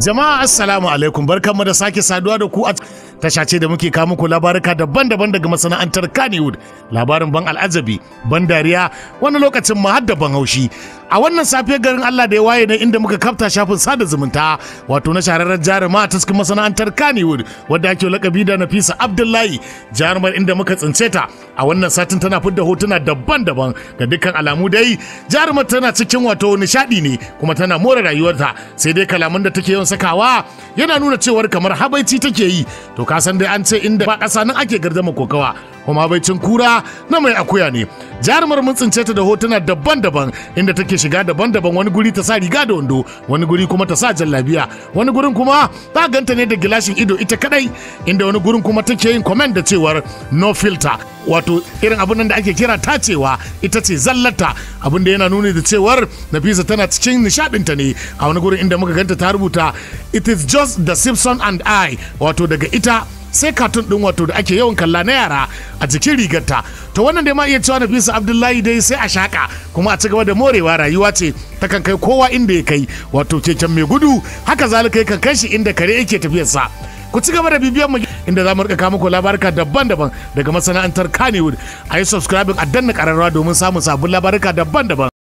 Jama'a assalamu alaikum barkanmu da sake saduwa da ku a tashace da muke kawo muku labaruka daban-daban daga masana'antar Kannywood labarin ban al'ajabi ban dariya wani lokacin ma har da ban haushi a wannan safiyar garin Allah da ya waye na inda muka kafta shafin sada zumunta wato na shahararren jaruma a taskin masana'antar Kannywood wadda ake lakabi da Nafisa Abdullahi jarumar inda muka tsince ta a wannan satin tana fidda hotuna daban-daban ga dukkan alamu dai jarumar tana cikin wato nishadi ne kuma tana more rayuwarta sai dai kalaman da take yawan sakawa yana nuna cewar kamar habaici take yi to ka san dai an ce inda ba ƙasa nan ake gardama kokawa kuma kura na mai akuya ne jarumar mun tsince ta da hotuna daban-daban inda take shiga daban-daban wani guri ta sa riga da wando wani guri kuma ta sa jallabiya wani gurin kuma ta ganta ne da gilashin ido ita kadai inda wani gurin kuma take yin comment da cewar no filter wato irin abin nan da ake kira tacewa ita ce zallata abin da yana nuni da cewar nafisa tana cikin nishadinta ne a wani gurin inda muka ganta ta rubuta it is just the simpson and i wato daga ita sai katun ɗin wato da ake yawan kalla na yara a jikin rigarta to wannan dai ma iya cewa Nafisa Abdullahi dai sai a shaka kuma a ci gaba da morewa rayuwa ce ta kan kai kowa inda ya kai wato keken mai gudu haka zalika kan kai shi inda kare yake tafiyarsa ku ci gaba da bibiyar mu inda za mu rika kawo muku labaruka daban-daban daga masana'antar kanewood a yi subscribing a danna kararrawa domin samun sabbin labaruka daban-daban